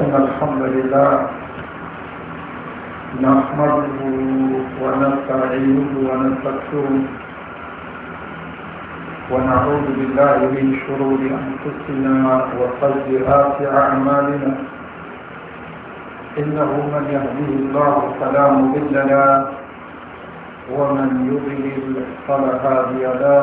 إن الحمد لله نحمده ونستعينه ونستغفره ونعوذ بالله من شرور أنفسنا وسيئات أعمالنا إنه من يهديه الله فلا مضل له ومن يضلل فلا هادي له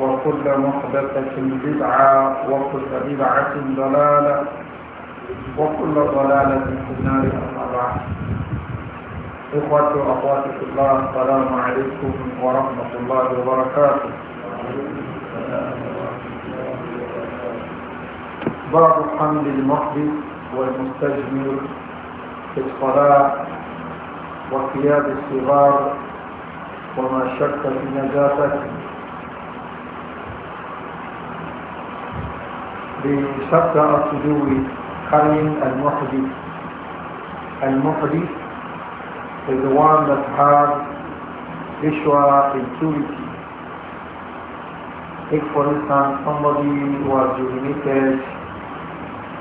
وكل محدثة بدعة وكل بدعة ضلالة وكل ضلالة في النار أما بعد إخوتي في الله السلام عليكم ورحمة الله وبركاته بعض حمل المحدث والمستجمل في الصلاة وقياد الصغار وما شك في نجاسته the chapter has to do with carrying al-muhdith. Al-muhdith is the one that has ritual impurity. If for instance somebody who has urinated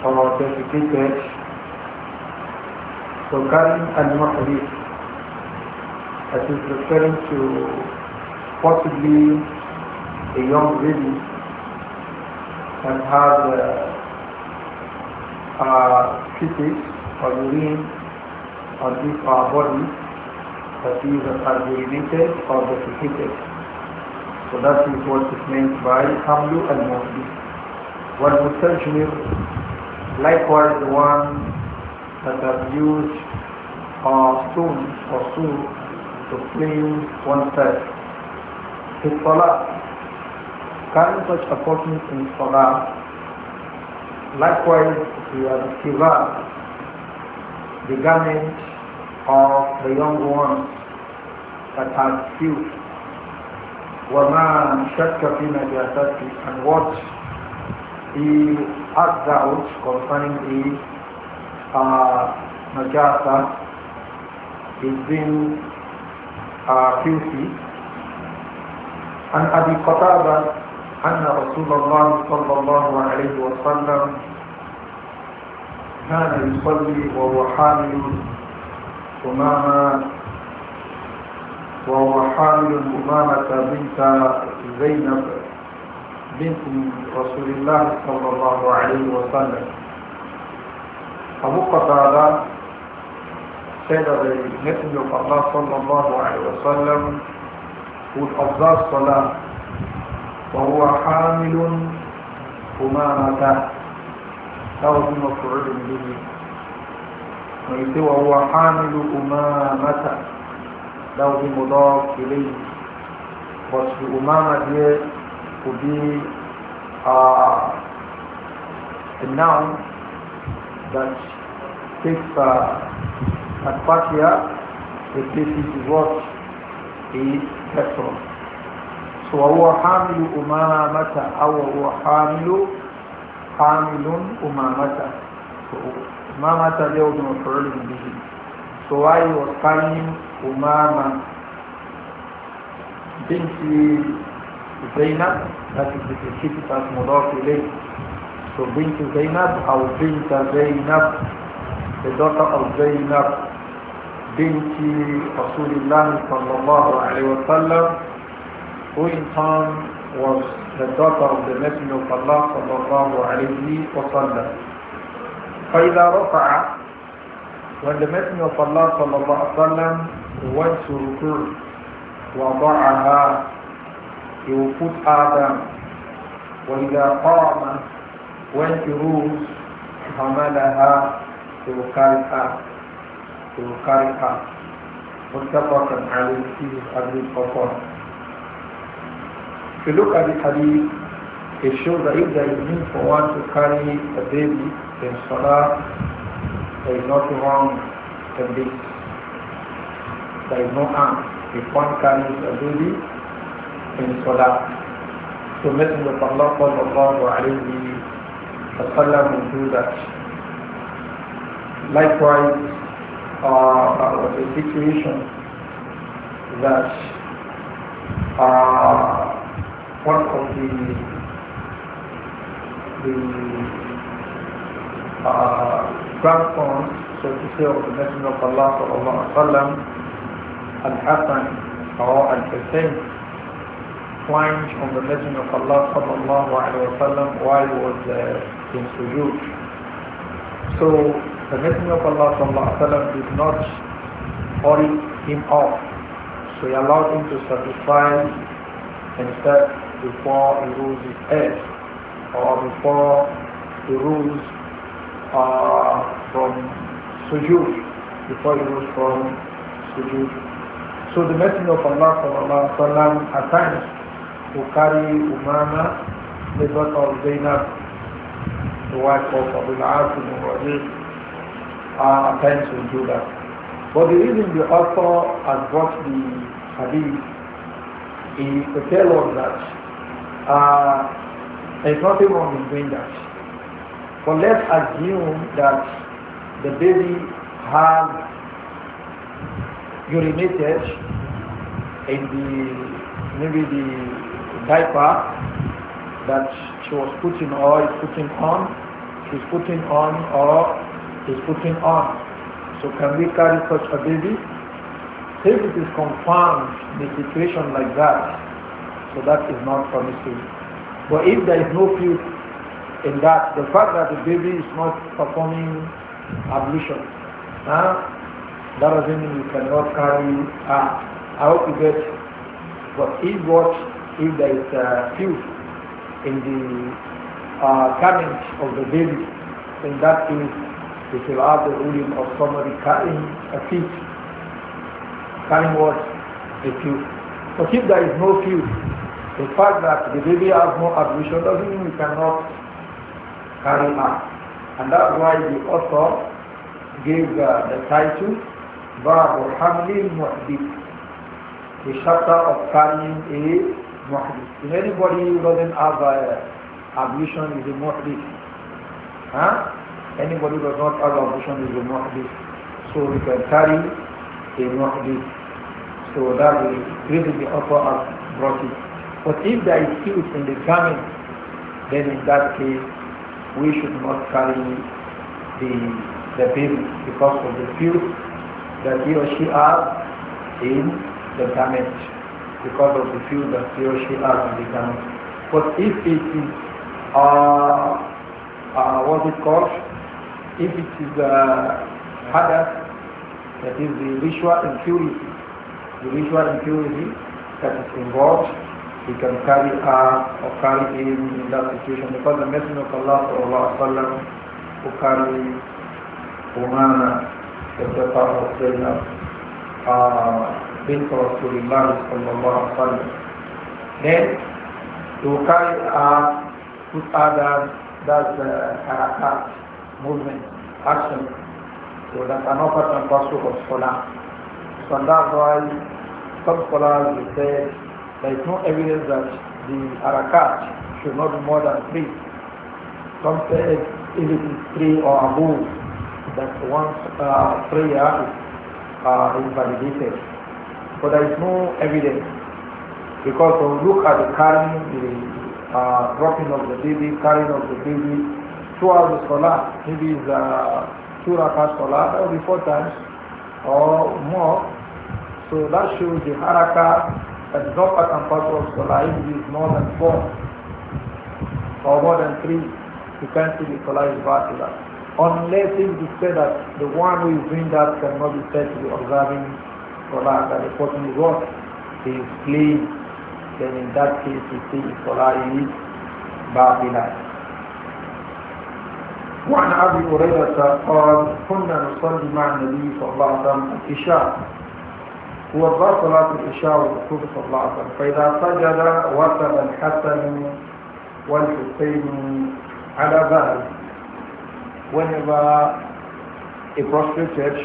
or defecated. So carrying al-muhdith, that is referring to possibly a young lady and has uh, uh, or urine on this our body that is are urinated or defecated. So that is what is meant by Hamlu and Mawdi. One Mustajmir, likewise the one that has used uh, stones or sue to clean oneself. His salah can such a person in Salah. Likewise, we have the garment of the young ones that has filth. وَمَا شَكَّ فِي And what he has out, concerning the uh, najasa is being uh, filthy. And Abi Qatada أن رسول الله صلى الله عليه وسلم كان يصلي وهو حامل أمامة وهو حامل أمامة بنت زينب بنت رسول الله صلى الله عليه وسلم أبو قتادة سيدة that الله صلى الله عليه وسلم والأفضل صلاة وهو حامل أمامة أو مفعول به وهو حامل أمامة لو مضاف إليه وصف أمامة دي وبي آه النوم that takes uh, at part here the case is what is petrol وهو حامل أمامة أو هو حامل حامل أمامة أمامة اليوم مفعول به سواي وقيم أمامة بنت زينب لكن بتشيك مضاف إليه بنت زينب أو بنت زينب إضافة أو زينب بنت رسول الله صلى الله عليه وسلم going on was the daughter of the Messenger of Allah sallallahu alayhi wa sallam. فَإِذَا رَفَعَ When the Messenger of Allah sallallahu alayhi wa sallam went to Ruku وَضَعَهَا He will put Adam وَإِذَا قَامَ When he rules, حَمَلَهَا He will carry her. He will carry her. متفق عليه في هذه القصائد If you look at the hadith, it shows that if there is need for one to carry a baby, then salah, there is nothing wrong in this. There is no harm if one carries a baby in salah. So Messenger of Allah sallallahu alayhi wa sallam will do that. Likewise, uh, was a situation that uh, one of the the uh, grandsons, so to say, of the Messenger of Allah sallallahu alaihi wasallam, Al Hassan or Al Hussein, climbed on the Messenger of Allah sallallahu alaihi wasallam while he was uh, in sujood. So the Messenger of Allah sallallahu alaihi wasallam did not hurry him off, so he allowed him to satisfy instead before he rules his head or before he rules uh, from sujood, before he rules from sujood. So the Messenger of Allah sallallahu wa wasallam at times will carry Umama, the daughter of Zainab, the wife of Abu al-As ibn Rajiv, uh, at times will do that. But the reason the author has brought the hadith is to tell us that uh, there's nothing wrong in doing that. But let's assume that the baby has urinated in the maybe the diaper that she was putting or is putting on, she's putting on or is putting on. So can we carry such a baby? If it is confirmed in a situation like that, so that is not permissible. But if there is no fuel in that, the fact that the baby is not performing ablution, huh, that doesn't mean you cannot carry out. Ah, I hope you get. But if what, if there is uh, fuel in the uh, current of the baby, in that case, it will have the ruling of somebody carrying a feet, carrying what? A few. But if there is no fuel. The fact that the baby has no ablution doesn't mean we cannot carry out. And that's why the author gave uh, the title Babu Hamlin Muhdith, the chapter of carrying a Muhdith. If anybody who doesn't have uh, ablution is a Muhdith. Huh? Anybody who does not have ablution is a Muhdith. So we can carry a Muhdith. So that will really the offer of brought it. But if there is filth in the garment, then in that case, we should not carry the, the baby because of the filth that he or she has in the garment, because of the filth that he or she has in the garment. But if it is, uh, uh, what it called? If it is uh, hadath, that is the ritual impurity, the ritual impurity that is involved he can carry A or carry him in that situation because the Messenger of Allah وسلم, who carried Umana the daughter of Zainab uh, bint Rasulullah sallallahu alaihi then to carry A, put A down that's the uh, harakat movement action so that an part and parcel of Salah so that's why some scholars will say there is no evidence that the harakat should not be more than three. Some say if it is three or above, that one's uh, prayer is uh, invalidated. But there is no evidence because when you look at the carrying, the uh, dropping of the baby, carrying of the baby, throughout the salah, maybe it's uh, two rakat salah, that will be four times or more. So that shows the harakat. But drop at and pass of Salah if more than four or more than three, you can't see the Salah is Batila. Unless it is said that the one who is doing that cannot be said to be observing Salah, that the person is what? He is clean. Then in that case, you see Salah is Batila. وعن ابي هريره قال كنا نصلي مع النبي صلى الله عليه وسلم العشاء وقال صلاة الإشاء والرسول صلى الله عليه وسلم فإذا سجد وثب الحسن والحسين على ذلك whenever a prostrated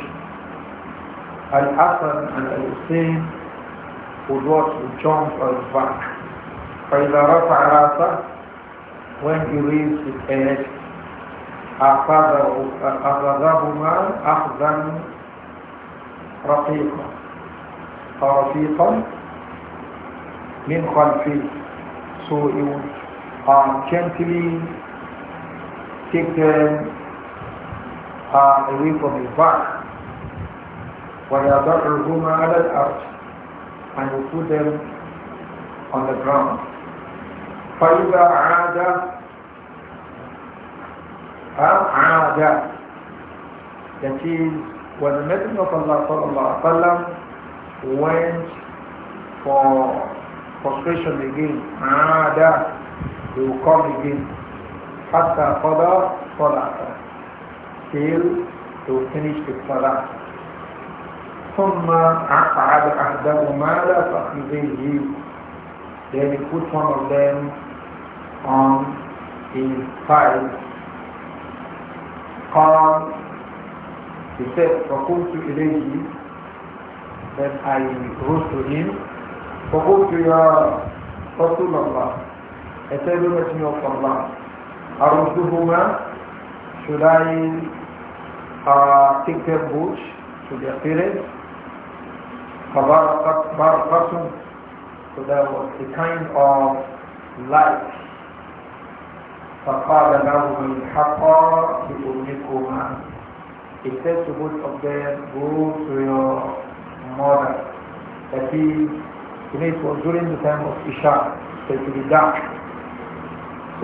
Al-Hassan and Al-Hussein would what would jump on his back. فإذا رفع رأسه when he raised his head أخذهما أخذا رقيقا رفيقا من خلفي so he um, gently take them uh, away from his back ويضعهما على الأرض and put them on the ground فإذا عاد عاد that is when the Messenger of Allah صلى الله عليه وسلم went for frustration again. Ah, that they will come again. Hatta qada salata. Till to finish the salah. ثم أقعد أحدهما على فخذيه then he put one of them on his thigh قال he said فقلت إليه then I wrote to him, فقلت يا رسول الله أتابع messenger of Allah أردهما should I uh, take their boots to their parents فبارقتهم so there was a kind of light فقال لهم الحقا بأمكما he said to both of them, go to your mother. That he, it was during the time of Isha, that he be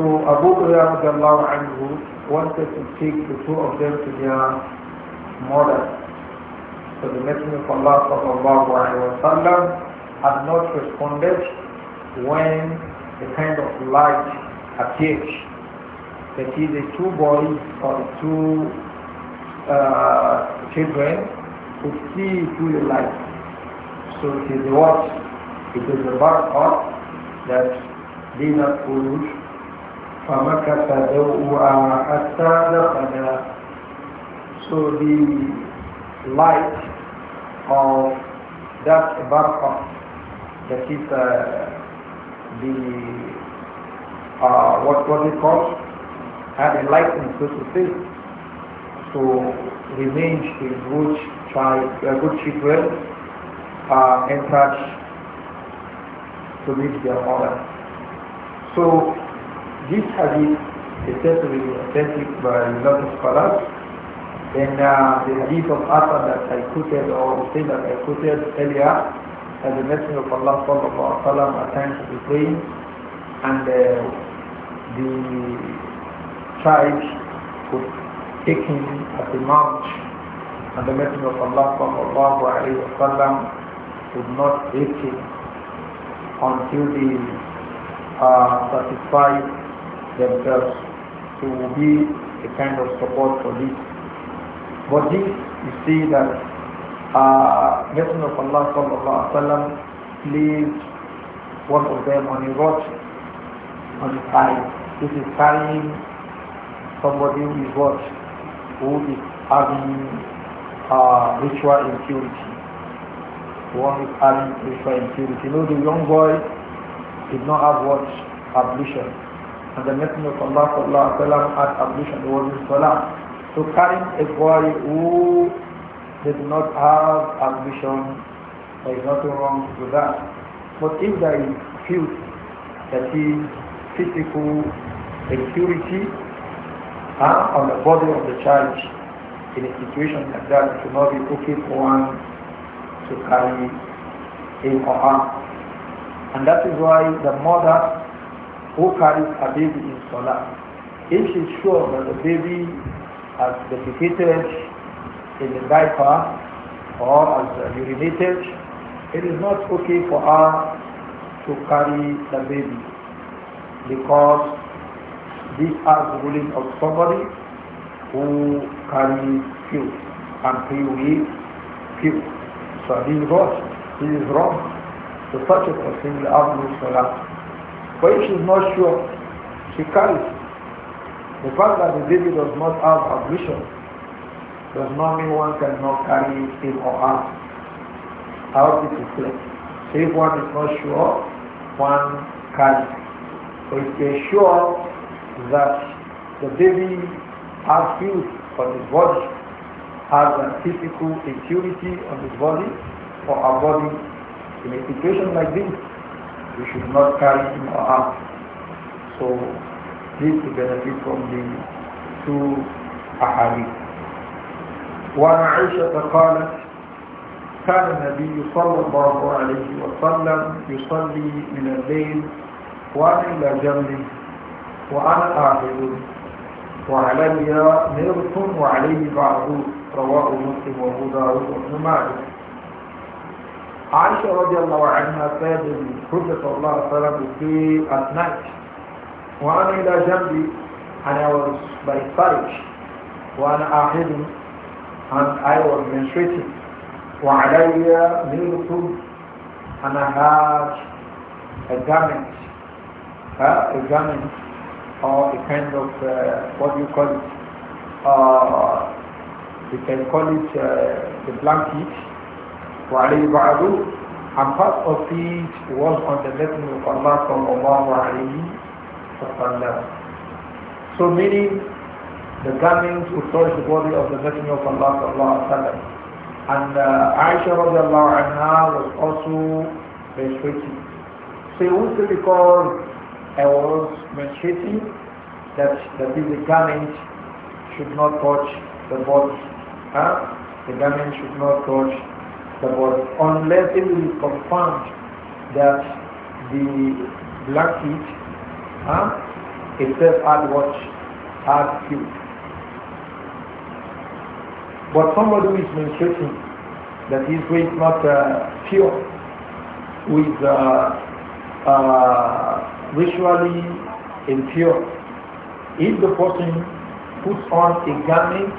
So Abu anhu wanted to take the two of them to their mother. So the Messenger of Allah sallallahu alayhi wa sallam had not responded when the kind of light appeared. That is the two boys or the two uh, children to see through the light. So it is what? It is the back of that دين الخروج فمكث ضوءها the دخل So the light of that barqa that is uh, the uh, what was it called? Had enlightened so to say. So remains to which child, uh, good children uh, and entered to reach their honor. So this hadith is said authentic by a lot of scholars. And uh, the hadith of Asan that I quoted or the that I quoted earlier, as the Messenger of Allah sallallahu alaihi wasallam at times to the praying and uh, the tribes would take him at the mount and the Messenger of Allah sallallahu alayhi wa sallam would not eat it until they uh, satisfy themselves. to be a kind of support for this. But this, you see that uh, Messenger of Allah sallallahu alayhi wa sallam placed one of them on a watch on his eye. This is carrying somebody who is what? Who is having uh, ritual impurity. The one with having ritual impurity. You know, the young boy did not have what? Ablution. And the Messenger of Allah sallallahu alayhi wa sallam had ablution. It was in Salah. So carrying a boy who did not have ablution, there is nothing wrong with that. But if there is that that is physical impurity, uh, on the body of the child, in a situation like that, it should not be okay for one to carry him or her. And that is why the mother who carries a baby in Salah, if she's sure that the baby has defecated in the diaper or has urinated, it is not okay for her to carry the baby because this are the ruling of somebody who carry fuel and pay with fuel. So this is This wrong. So such a person will have no But if she's not sure, she carries. The fact that the baby does not have admission, does not mean one cannot carry him or her. I hope it is clear. if one is not sure, one carries. So if they are sure that the baby has used on his body has a physical impurity on his body or our body. In a situation like this, we should not carry him or her. So this is benefit from the two ahadith. وعن عائشة قالت كان النبي صلى الله عليه وسلم يصلي من الليل وأنا إلى جنبه وأنا آخذ وعلي مرط وعليه بعض رواه مسلم وابو داود وابن ماجه عائشة رضي الله عنها سيد الحجة صلى الله عليه وسلم في أثناء وأنا إلى جنبي أنا was by courage وأنا أحد and I was menstruating وعلي مرط أنا had a garment a garment or a kind of, uh, what you call it, uh, we can call it uh, the blanket, وَعَلَيْهِ بَعْضُ And part of it was on the Messenger of Allah sallallahu wa sallam. So meaning the garments who touch the body of the Messenger of Allah sallallahu alayhi wa sallam. And uh, Aisha الله عنها was also menstruating. So we would say because I was mentioning that, that the government should not touch the body. Huh? The garment should not touch the body unless it is confirmed that the blanket huh, itself had watch, had food. But somebody who is menstruating, that is who is not uh, pure, with. uh, uh, ritually impure. If the person puts on a garment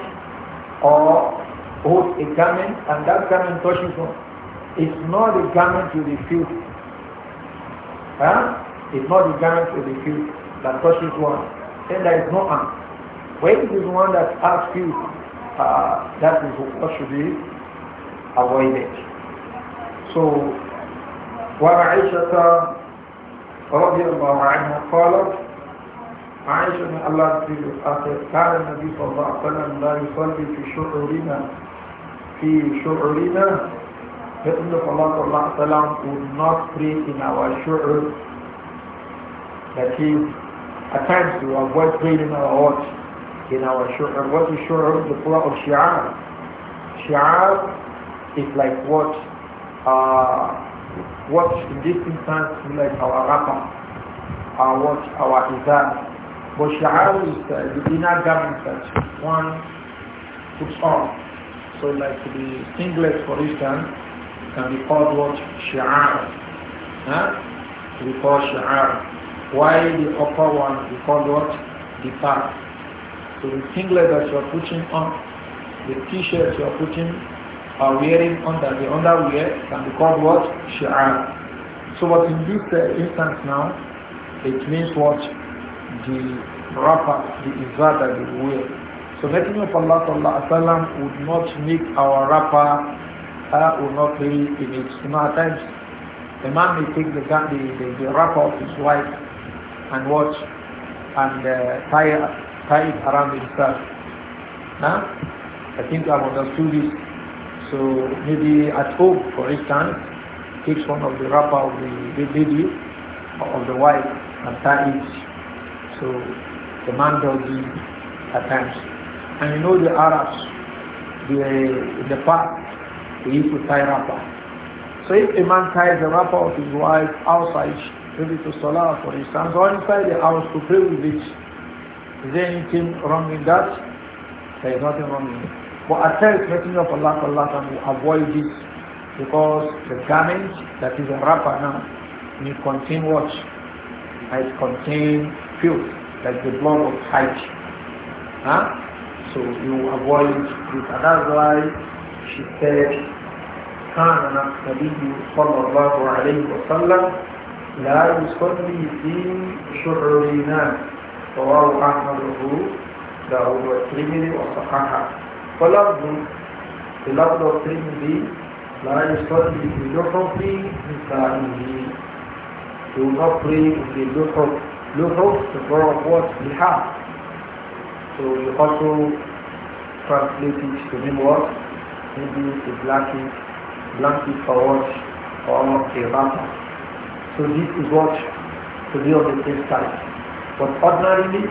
or holds a garment and that garment touches one, it's not a garment you refuse. Huh? It's not a garment you refuse that touches one. Then there is no harm. When it is one that asks you, uh, that is what should be avoided. So, said, رضي الله عنها قالت عائشة من الله تبيل آخر كان النبي صلى الله عليه وسلم لا يصلي في شعورنا في شعورنا فإن صلى الله عليه وسلم would not pray in our شعور that is at times to avoid praying in our watch in our شعور what is شعور the plural of شعار شعار is like what uh, Watch in this instance like our wrapper, our watch, our izan. But shi'ar is uh, the inner garment that one puts on. So like the singlet for instance can be called what? Shi'ar. Huh? We call shi'ar. Why the upper one we call what? The part. So the singlet that you are putting on, the t-shirt you are putting are wearing under the underwear can be called what? Shi'ar. So what in this uh, instance now, it means what? The wrapper, the izar that they wear. So Messenger of Allah sallallahu would not make our wrapper, uh, would not be in it. You know, at times, the man may take the, the, the, the wrapper of his wife and watch and uh, tie, tie it around himself. Now, I think I've understood this. So maybe at home, for instance, takes one of the wrapper of the, of the wife and ties. it. So the man does it at times. And you know the Arabs, the, in the past, they used to tie wrapper. So if a man ties the wrapper of his wife outside, maybe to Salah for instance, or inside the house to play with it, is there anything wrong in that? There is nothing wrong in it. But at a Messenger of Allah, Allah can avoid this because the garment that is a wrapper now, it contains what? It contains filth, like the blood of Hajj. Huh? So you avoid it. And that's why she said, كان النبي صلى الله عليه وسلم لا يصلي في شرينا رواه أحمد داود والترمذي وصححه فلفظ في لفظ الترمذي لا يصلي في لحف نسائه يغطي في لحف لحف we لحاف So you also translate it to mean what? Maybe a blanket, blanket for what? Or a wrapper. So this is what to be on the same side. But ordinarily,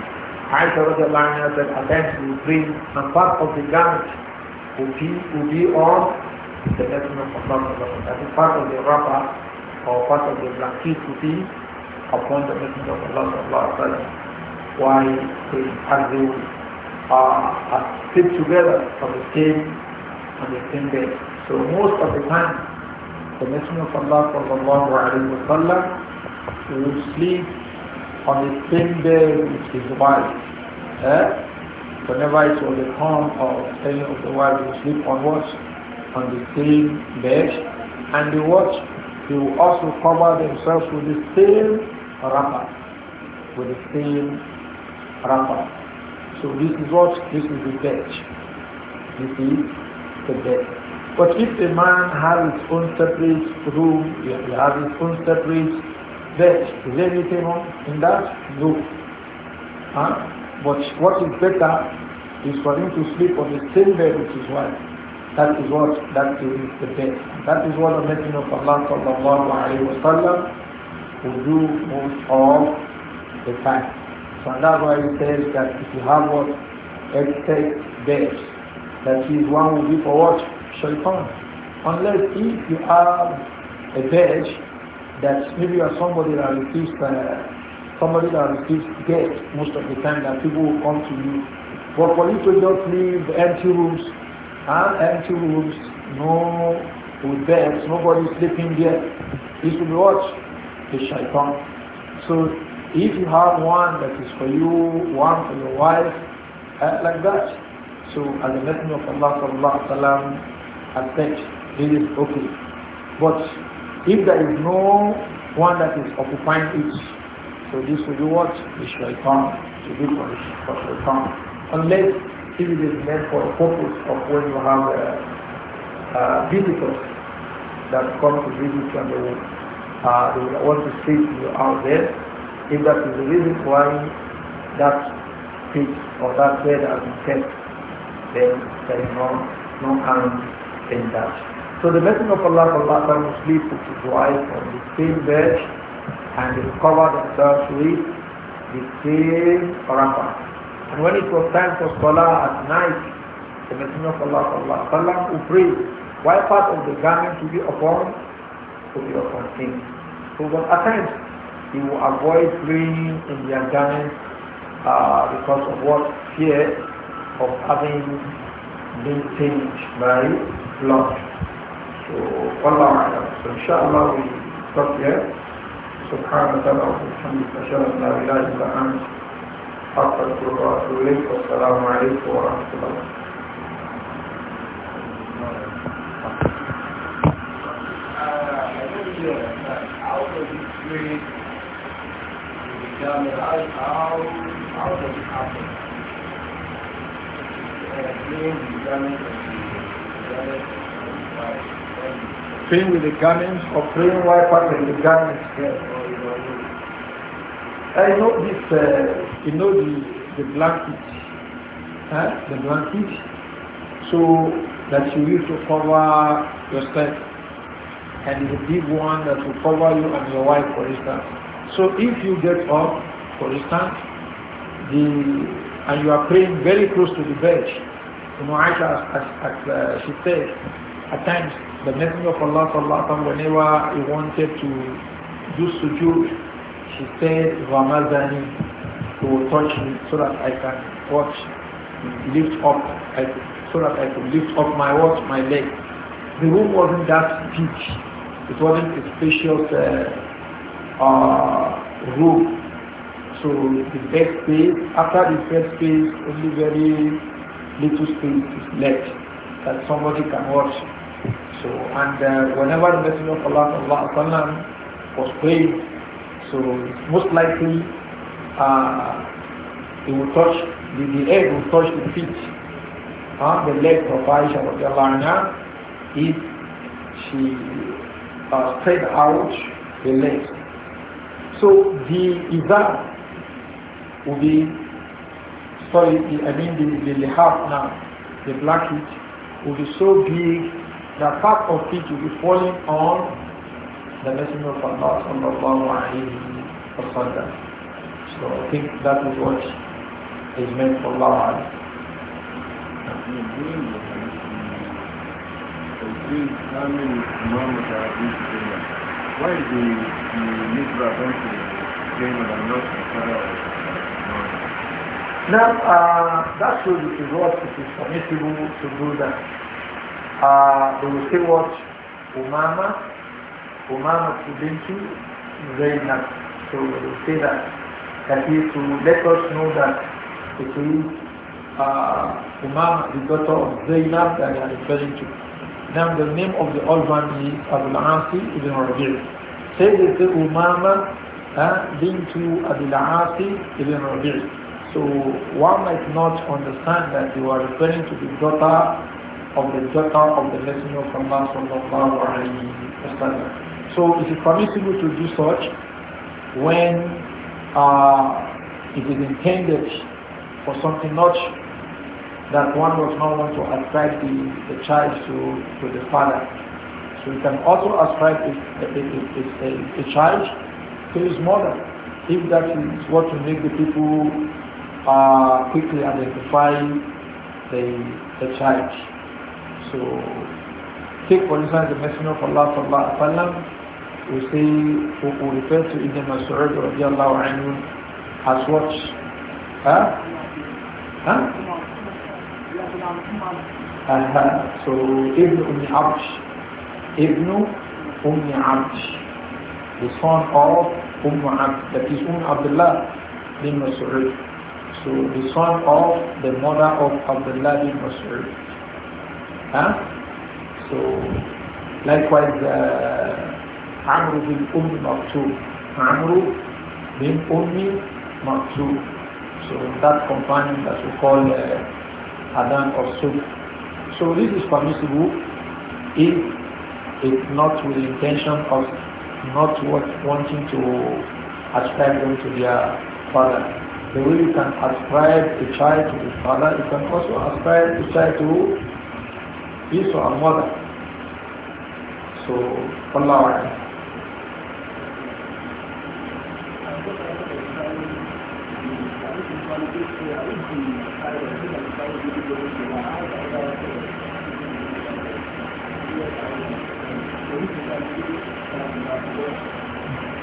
Aisha radiallahu anha said, at times we bring and part of the garment who be, will be on the Messenger of Allah. Subhanahu That is part of the wrapper or part of the blanket will be upon the Messenger of Allah. Subhanahu Wa Taala. Why? they As they uh, are fit together on the same on the same day. So most of the time, the Messenger of Allah sallallahu alayhi wa sallam will sleep on the same day with his wife. Eh? Whenever it was the home of any of the wife, will sleep on what? On the same bed. And the watch, they will also cover themselves with the same wrapper. With the same wrapper. So this is what? This is the bed. This is the bed. But if a man has his own separate room, he has his own separate there. Is very anything wrong in that? room. Huh? But what is better is for him to sleep on the same bed with his wife. That is what that is the best. That is what the making of Allah sallallahu alayhi wa sallam will do most of the time. So that's why he says that if you have what excess beds, that is one will be for what? Shaitan. Unless if you have a bed that maybe you are somebody that receives uh, somebody that receives guests most of the time that people will come to you. But for you to just leave empty rooms and empty rooms, no with beds, nobody sleeping there. This will be what? The shaitan. So if you have one that is for you, one for your wife, uh, like that. So as a Messenger of Allah Allah alaihi wasallam has said, it is okay. But if there is no one that is occupying it, so this will be what? The come To be for the shaitan. Unless it is meant for the purpose of when you have a, uh, visitors that come to visit you and they will, uh, they will want to see you out there. If that is the reason why that pit or that bed has been kept, then there is no, no in that. So the Messenger of Allah wa sleep with his wife on the same bed and they covered themselves with the same wrapper. And when it was time for Salah at night, the Messenger of Allah Allah who pray, why part of the garment to be upon? To be upon him. So when at times he will avoid praying in their garment uh, because of what fear of having been changed by blood. والله أعلم إن شاء الله we stop here سبحانك أشهد أن لا إله إلا أنت حق وأتوب إليك والسلام عليكم ورحمة الله Thank you. praying with the garments or praying while passing the garments. I know this, uh, you know the, the blanket, huh? the blanket, so that you use to cover yourself and the big one that will cover you and your wife for instance. So if you get up, for instance, the, and you are praying very close to the bed, you know, Aisha, as, as, as uh, she said, at times the Messenger of Allah sallallahu whenever he wanted to do sujood, he said, Ramazani, he will touch me so that I can watch, lift up, I, so that I could lift up my watch, my leg. The room wasn't that big. It wasn't a spacious uh, uh, room. So the first space, after the first space, only very little space is left that somebody can watch so, and uh, whenever the Messenger of Allah was prayed, so most likely uh, he will touch, the, the head will touch the feet, uh, the leg of Aisha anha, if she uh, spread out the leg. So the izar will be, sorry, I mean the, the half now, the black heat, will be so big the part of it will be falling on the Messenger of Allah sallallahu alayhi wa sallam. So I think that is what is meant for Allah. Why do The make reference to James and not the father of Now, uh, that shows it is what it is permissible to do that uh, they will say what? Umama, Umama Tudinki, Zainab. So they will say that. That is to let us know that it is uh, Umama, the daughter of Zainab that they are referring to. Now the name of the orphan is Abul Asi ibn Rabi'. Say they say Umama uh, bintu Abul Asi ibn Rabi'. So one might not understand that you are referring to the daughter of the zakah of the Messenger of Allah sallallahu alayhi wa So is it permissible to do such when uh, it is intended for something not that one does not want to ascribe the, the child to, to the father. So you can also ascribe a, a, a, a child to his mother if that is what will make the people uh, quickly identify the, the child. So take for instance the Messenger of Allah sallallahu alaihi wasallam we say who we refer to Ibn Mas'ud radiallahu anhu as what? Huh? Huh? Uh -huh. So Ibn Umi Abd Ibn Umi Abd the son of Umm Abd that is Umm Abdullah bin Mas'ud so the son of the mother of Abdullah bin Mas'ud Huh? So, likewise, uh, Amru bin Umm Maktub. Amru bin Umm Maktub. So, that companion that we call uh, Adan or Suf. So, this is permissible if it's not with the intention of not wanting to ascribe them to their father. The way you can ascribe a child to his father, you can also ascribe a child to is our mother. So, Allah.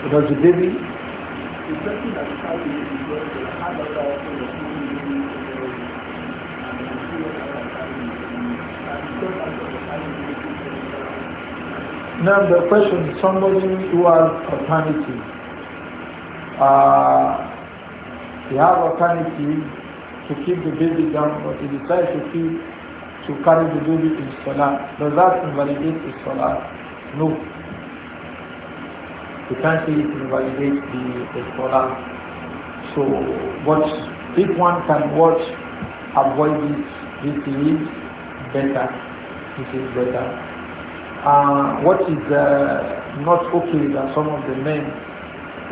So does the baby Now the question is somebody who has alternative. Uh, he has to keep the baby down, but he decides to keep to carry the baby in salah. Does that invalidate the salah? No. You can't say it invalidates the, the salah. So what if one can watch avoid this this is better. This is better. Uh, what is uh, not okay that some of the men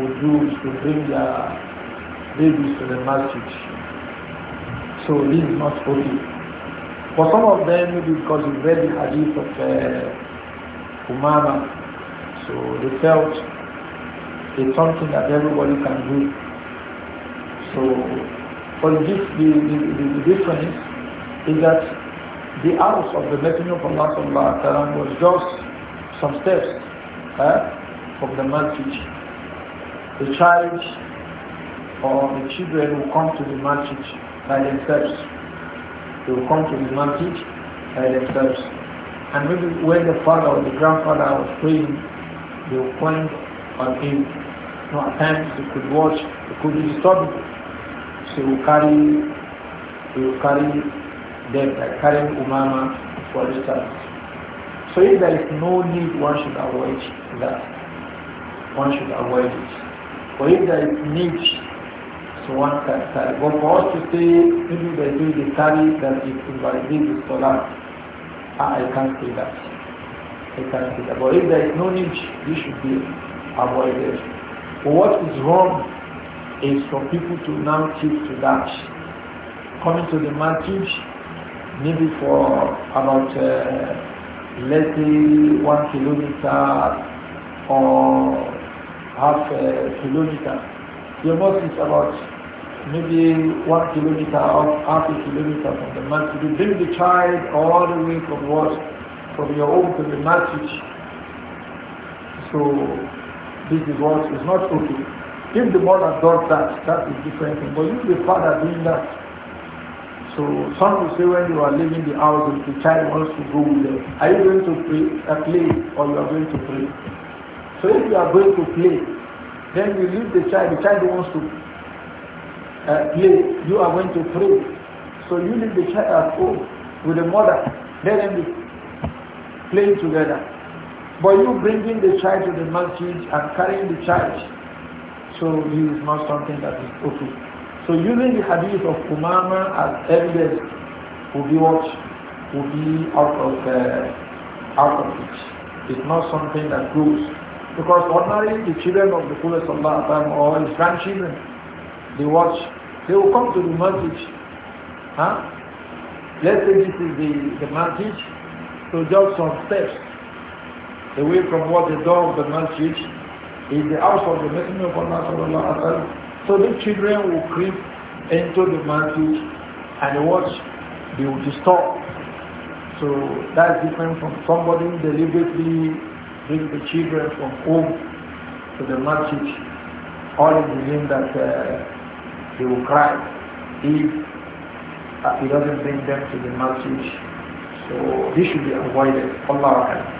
would do is to bring their babies to the masjid. So this is not okay. For some of them, maybe because they read the hadith of uh, Umama, so they felt it's something that everybody can do. So, for this, the, the, the difference is that the house of the Messenger of Allah sallam, was just some steps eh, from the masjid. The child or the children will come to the masjid by themselves. They will come to the masjid by themselves. And maybe when the father or the grandfather was praying, they will point on him. No at times they could watch, they could be disturbed. So he will carry, he will carry dead, current umama, for instance. So if there is no need, one should avoid that. One should avoid it. But if there is need, so one can carry. But for us to say, if they do the carry that it invalidates the solar, ah, I can't say that. I can't say that. But if there is no need, this should be avoided. But what is wrong is for people to now keep to that. Coming to the marriage maybe for about uh, let's say one kilometer or half a kilometer. Your bus is about maybe one kilometer or half a kilometer from the masjid. You bring the child all the way from what from your home to the masjid. So this is what is not okay. If the mother does that, that is different But if the father doing that, so some will say when you are leaving the house, if the child wants to go with them, are you going to play, uh, play or you are going to pray? So if you are going to play, then you leave the child, the child wants to uh, play, you are going to pray. So you leave the child at home with the mother, let them be playing together. But you bringing the child to the masjid and carrying the child, so this is not something that is okay. So using the hadith of Umama as evidence would be what would be out of uh, out of it. It's not something that goes because ordinarily the children of the Prophet or his grandchildren they watch they will come to the masjid. Huh? Let's say this is the, the masjid, so just some steps away from what the door of the masjid is the house of the Messenger of Allah sallallahu alaihi wasallam so the children will creep into the market and watch, they will disturb. So that's different from somebody deliberately bring the children from home to the market, all in the name that uh, they will cry if uh, he doesn't bring them to the market. So this should be avoided. Allah.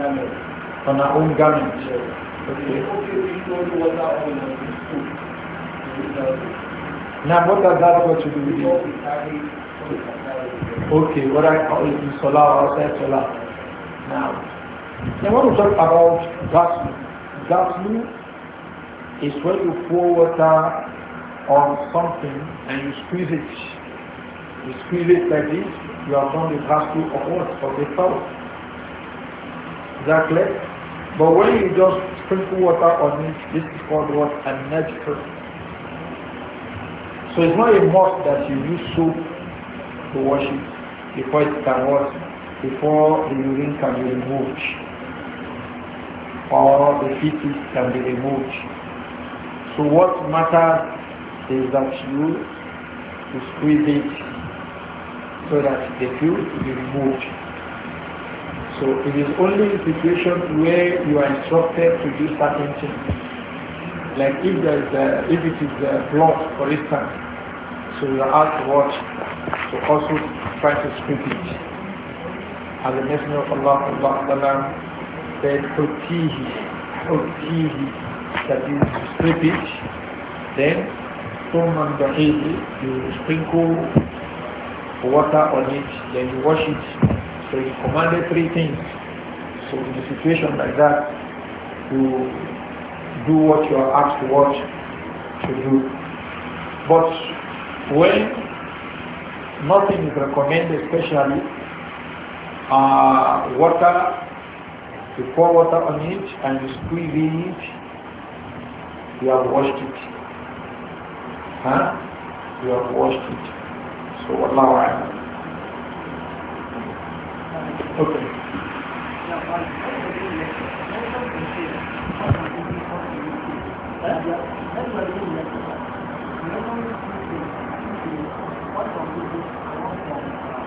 garment, on her own garment. Okay. Now, what does that got to do with it? Okay, what I call it is Salah or outside Salah. Now, I want to talk about Gaslu. Gaslu is when you pour water on something and you squeeze it. You squeeze it like this, you are done the gaslu of what? Of the salt. Exactly. But when you just sprinkle water on it, this is called what? A natural. So it's not a must that you use soap to wash it before it can wash, before the urine can be removed or the feces can be removed. So what matters is that you squeeze it so that the fluid will be removed. So it is only in situation where you are instructed to do certain things. Like if there is a, if it is a block, for instance, so you are asked to watch, so also try to split it. As the Messenger of Allah, Allah said, Otihi, Otihi, that is split it, then Tumman Bahili, you sprinkle water on it, then you wash it so he commanded three things. So in a situation like that, you do what you are asked to what to do. But when nothing is recommended, especially uh, water, you pour water on it and you squeeze it, you have washed it. Huh? You have washed it. So Allah Okay.